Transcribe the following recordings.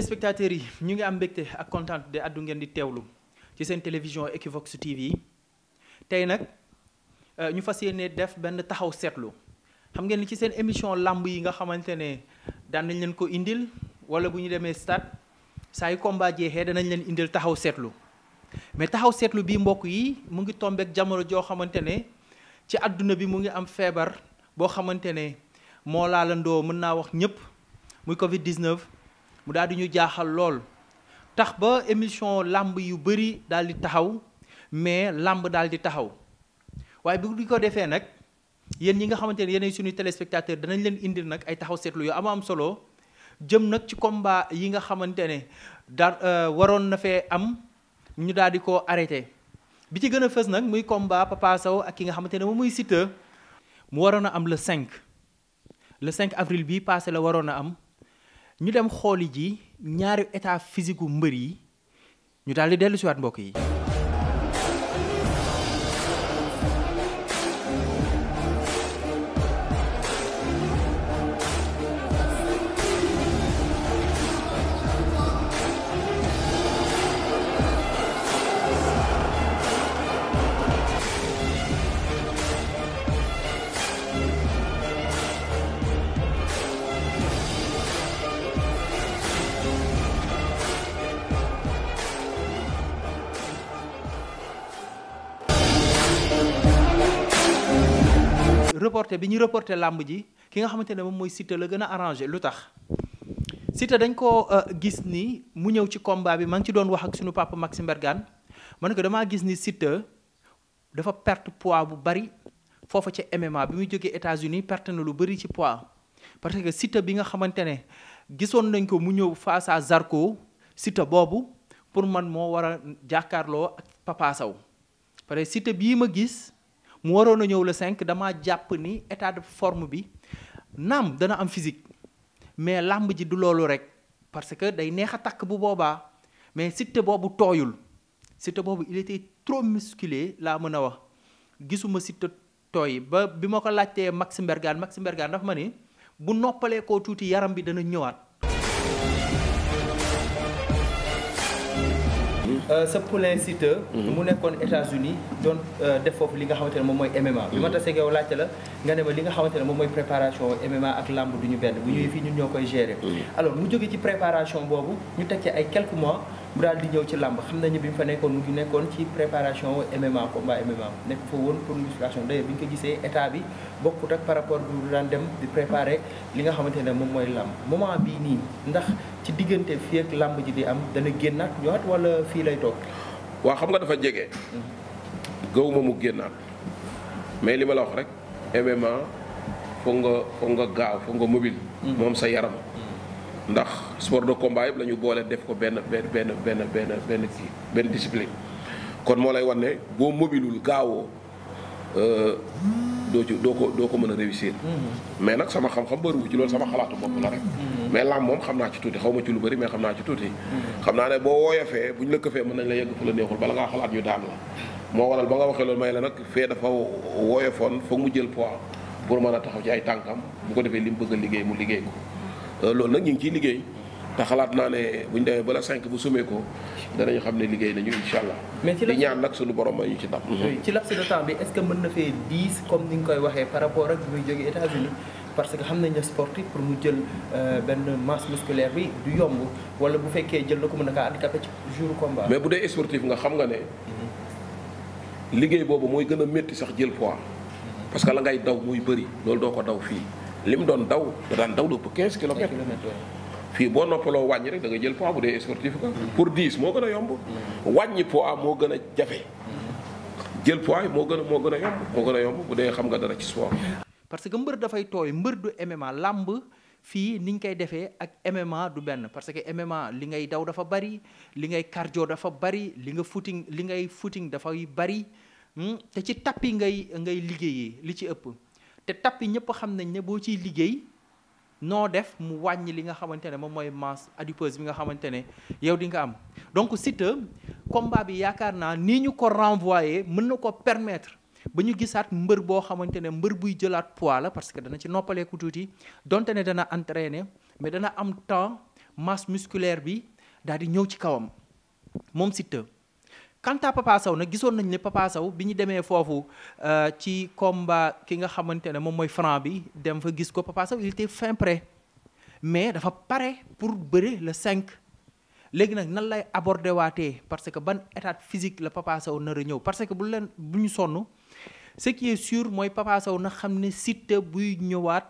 téléspectateurs yi ñu ngi am mbégte ak kontaan de addu ngeen di teewlu ci seen télévision Equivox TV tey nag euh, ñu fas yéene def benn taxaw seetlu xam ngeen ni ci seen émission làmb yi nga xamante ne daan nañ leen ko indil wala bu ñu demee stade saa yu combat jeexee danañ leen indil taxaw seetlu mais taxaw seetlu bi mbokk yi mu ngi tombeek jamono joo xamante ne ci àdduna bi mu ngi am feebar boo xamante ne moo laalandoo mën naa wax ñëpp muy Covid 19. mu daal di ñu jaaxal lool tax ba émission làmb yu bëri daal di taxaw mais làmb daal di taxaw waaye bu ñu ko defee nag yéen yi nga xamante ne yéenay suñu téléspectateur danañ leen indil nag ay taxaw seetlu yu am am solo jëm nag ci combat yi nga xamante ne da euh, waroon na fee am ñu daal di ko arrêté bi ci gën a fës nag muy combat Papa ak ki nga xamante ne moom muy Siteu mu waroon a am le 5 le 5 avril bii passé la waroon a am. ñu dem xooli ji ñaari état physique gu mbër yi ñu daal di dellu siwaat mbokk yi. reporté bi ñu reporté làmb ji ki nga xamante ne moom mooy Siteu la gën a arrangé lu tax Siteu dañ koo euh, gis ni mu ñëw ci combat bi maa ngi ci doon wax ak suñu papa Maxime Bergane ma ne ko damaa gis ni Siteu dafa perte pois bu bari foofa ca MMA bi muy jógee États-Unis perte na lu bari ci pois parce que Siteu bi nga xamante ne gisoon nañ ko mu ñëw face à Zarco boobu pour man moo war a jàkkaarloo ak Papa Sow pare Siteu bii ma gis. mu waroon a ñëw la 5 damaa jàpp ni état de forme bi naam dana am physique mais làmb ji du loolu rek parce que day neex a takk bu boobaa mais Siteu boobu tooyul Siteu boobu il était trop musclé laa mën a wax gisuma Siteu tooy ba bi ma ko laajtee maximbergan Bergan Maxime Bergan ma ni bu noppalee ko tuuti yaram bi dana ñëwaat. ce euh, poulain Siteu mhm. mu nekkoon États-Unis doon euh, def foofu li nga xamante ne moom mooy MMA bi ma mhm. tasee yow laajte la nga ne ma li nga xamante ne moom mooy préparation MMA ak lamb du ñu benn bu ñëwee mhm. fii ñun ñoo koy gérer alors mu jóge ci préparation boobu ñu teg ci ay quelques mois mu daal di ñëw ci làmb xam nañu bi mu fa nekkoon mu ngi nekkoon ci préparation MMA combat MMA nekk fa woon pour musculation d'ailleurs bi ñu ko gisee état bi bokkut ak par rapport bi daan dem di préparer li nga xamante ne moom mooy làmb moment bii nii ndax ci diggante fii ak làmb ji di am dana génnaat ñëwaat wala fii lay toog. waaw xam nga dafa jege. ma mu génnaat mais li ma la wax rek MMA foog nga foog nga gaaw foog nga mobile. Hmm. moom sa yaram hmm. ndax. sport de combat yëpp la ñu boole def ko benn benn benn benn benn benn kii benn discipline kon moo lay wan ne boo mobilul gaawoo euh, doo ci doo ko doo ko mën a réussir. Mm-hmm. mais nag sama xam-xam bëriwu ci loolu sama xalaatu bopp la rek. Mm-hmm. mais la moom xam naa ci tuuti xaw ma ci lu bëri mais xam naa ci tuuti. Mm-hmm. xam naa ne boo wooyofee bu ñu la këfee mën nañ la yegg fu la neexul bala ngaa xalaat ñu daan la moo waral ba nga waxee loolu may la nag fee dafa wooyofoon foog mu jël pois pour mën a taxaw ci ay tànkam bu ko defee li mu bëgg a liggéey mu liggéey ko euh, loolu nag ñu ngi ciy liggéey. te xalaat naa ne bu ñu demee bala cinq bu sumee ko danañu xam ne liggéey nañu incha allah. mais ci di ñaan nag suñu borom ñu ci ndam. ci laps de temps bi est mën na fee diis comme ni nga koy waxee par rapport ak muy jógee États-Unis parce que xam nañ ne sportif pour mu jël euh, benn masse musculaire bi du yomb wala bu fekkee jël na ko mën na kaa handicapé ci jour combat. mais bu dee sportif nga xam nga ne liggéey boobu mooy gën a métti sax jël poids parce que la ngay daw muy bëri loolu doo ko daw fii li mu doon daw da daan daw lu ëpp 15 kilomètres. fii boo noppaloo wàññi rek da nga jël poids bu dee sportif ko pour 10 moo gën a yomb. wàññi poids moo gën a jafe. jël poids moo gën a moo gën a yomb moo gën a yomb bu dee xam nga dara ci sport. parce que mbër dafay tooy mbër du MMA làmb fii niñ koy defee ak MMA du benn parce que MMA li ngay daw dafa bari li ngay karjo dafa bari li nga footing li ngay footing dafay bari hmm? te ci tappi ngay ngay liggéeyee li ci ëpp te tappi ñëpp xam nañ ne boo ciy liggéey. noo def mu wàññi li nga xamante ne moom mooy masse adipeuse bi nga xamante ne yow di nga am donc Siteu combat bi yaakaar naa nii ñu ko renvoyé mën na ko permettre ba ñu gisaat mbër boo xamante ne mbër buy jëlaat pois la parce que dana ci noppaleeku tuuti donte ne dana entraîner mais dana am temps masse musculaire bi daal di ñëw ci kawam moom Siteu quant à na gisoon nañ ne Papa Sow bi ñu demee foofu euh, ci komba ki nga xamante ne moom mooy franc bi dem fa gis ko Papa Sow il était fin prêt mais dafa pare pour bëre le 5 léegi nag nan lay aborder waatee parce que ban état physique la Papa Sow nar a ñëw parce que bu leen bu ñu sonn ce qui est mooy Papa Sow na xam ne Siteu buy ñëwaat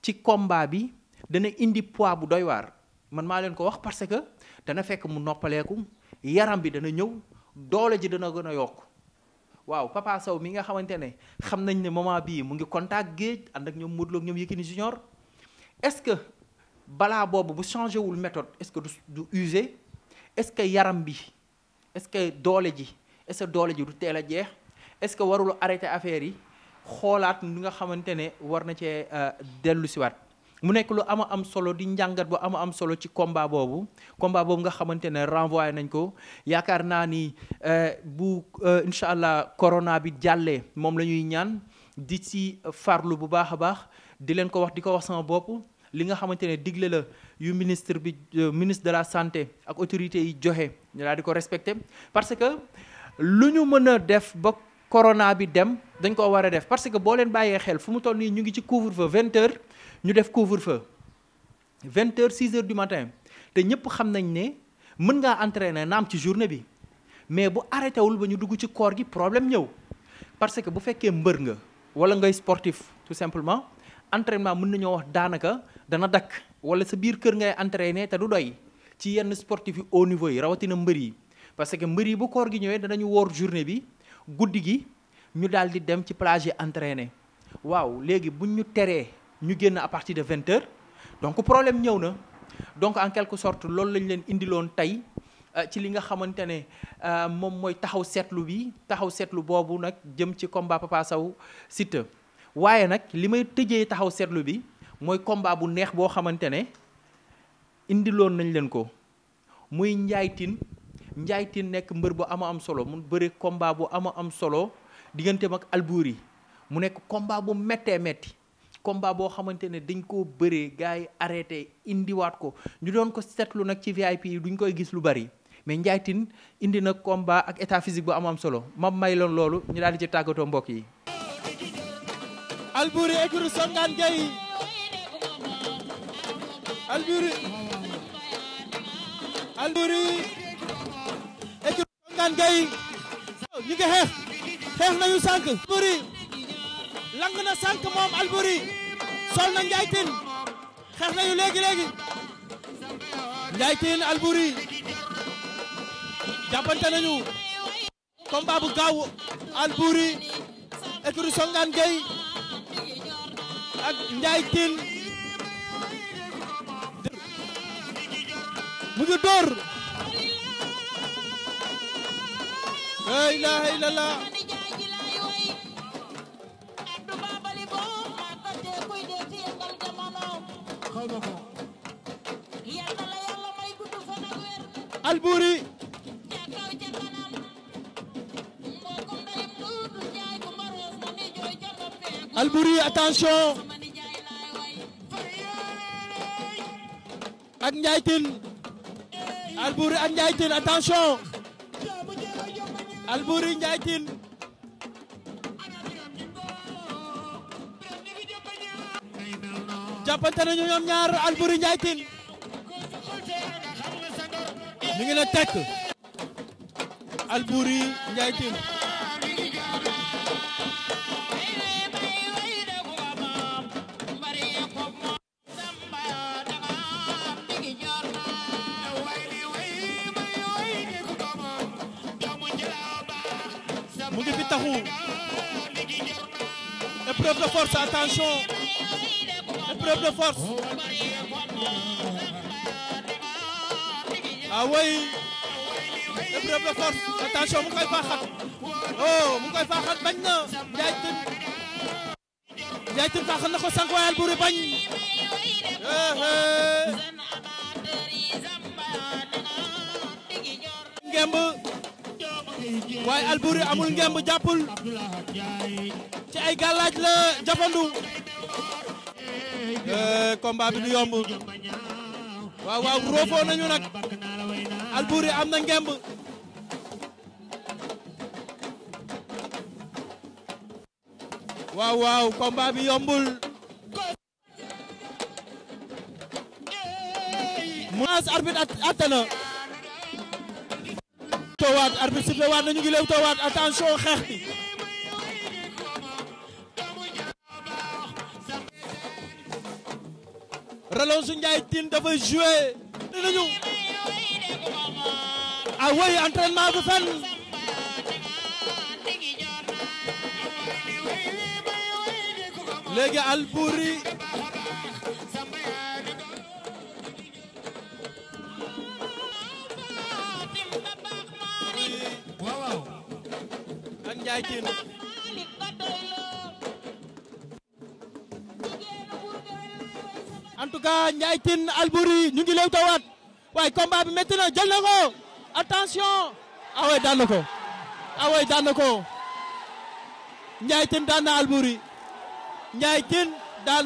ci combat bi dana indi pois bu doy waar man maa leen ko wax parce que dana fekk mu noppaleeku yaram bi dana ñëw. doole ji dana gën a yokk waaw Papa saw mi nga xamante ne xam nañ ne moment bii mu ngi contact géej ànd ak ñoom Modou Lo ñoom Yékini Junior est-ce que balaa boobu bu changé wul méthode est-ce que du du usé est-ce que yaram bi est-ce que doole ji est que doole ji du teel a jeex est-ce que warul arrêté affaire yi xoolaat ni nga xamante ne war na cee euh, dellu siwaat mu nekk lu ama am solo di njàngat bu ama am solo ci combat boobu combat boobu nga xamante ne renvoyé nañ ko yaakaar naa ni euh, bu euh, incha allah corona bi jàllee moom la ñuy ñaan di ci farlu bu baax a baax di leen ko wax di ko wax sama bopp li nga xamante ne digle la yu ministre bi euh, ministre de la santé ak autorité yi joxe ñu daal di ko respecté parce que lu ñu mën a def ba corona bi dem dañ ko war a def parce que boo leen bàyyee xel fu mu toll nii ñu ngi ci couvre-feu 20 ñu def couvre-feu vingt heures six heures du matin te ñëpp xam nañ ne mën ngaa entraîner naam ci journée bi mais bu arrêté wul ba ñu dugg ci koor gi problème ñëw parce que bu fekkee mbër nga wala ngay sportif tout simplement entraînement mun nañoo wax daanaka dana dakk wala sa biir kër ngay entraîner te du doy ci yenn sportif yu au niveau yi rawatina mbër yi parce que mbër yi bu koor gi ñëwee danañu woor journée bi guddi gi ñu daal di dem ci plage yi entraîner waaw léegi buñ ñu teree. ñu génn à partir de vingt heures donc problème ñëw na donc en quelque sorte loolu lañ leen indiloon tey euh, ci li nga xamante ne euh, moom mooy taxaw seetlu bi taxaw seetlu boobu nag jëm ci combat Papa waaye nag li may tëjee taxaw seetlu bi mooy combat bu neex boo xamante ne indiloon nañ leen ko muy njaaytin njaaytin nekk mbër bu ama am solo mu bëre combat bu ama am solo digganteem ak Albouri mu nekk combat bu méttee métti combat boo xamante ne dañ koo bëree gars yi indiwaat ko ñu doon ko seetlu nag ci VIP yi duñ koy gis lu bari mais Ndiaye Tine indi na combat ak état physique bu am am solo ma may loon loolu ñu daal ci tàggatoo mbokk yi. Alboury écurie Songane Gueye Alboury e ñu ngi xeex xeex nañu sànq Alboury lang na sànq moom Alboury sol na Ndiaye Tine xeex nañu léegi léegi Ndiaye Tine Alboury jàppante nañu combat bu gaaw Alboury écurie Songane Gueye ak Ndiaye Tine mu ngi door la may nga ak njaay bu maroos attention ak Ndiaye Tine Alboury ak Ndiaye Tine attention Alboury Ndiaye Tine jàppante nañu ñoom ñaar Alboury Ndiaye Tine ngi na tekk Alboury Ndiaye mu ngi fi taxu épreuve force attention épreuve de force ah oui épreuve de force attention mu koy faaxat oh mu koy faaxat bañ na Ndiaye Tine Ndiaye Tine faaxat na ko sànq waaye Alboury bañ eh, eh. ngemb waaye Alboury amul ngemb jàppul ci ay gàllaaj la jafandu combat bi yomb waaw waaw roofoo nañu nag Alboury am na ngemb waaw waaw combat bi yombul munas arbitre atte na toowaat arbitre waat nañu ngi leew toowaat attention xeex Relonge Ndiaye Tine dafay jouer dinañu ah oui entraînement bu fen léegi Albouri waaw waaw ak Ndiaye tout cas Ndiaye Tine Albouri ñu ngi leew tawaat waaye combat bi ko attention ah waay daan na ko ah waay daan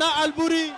na ko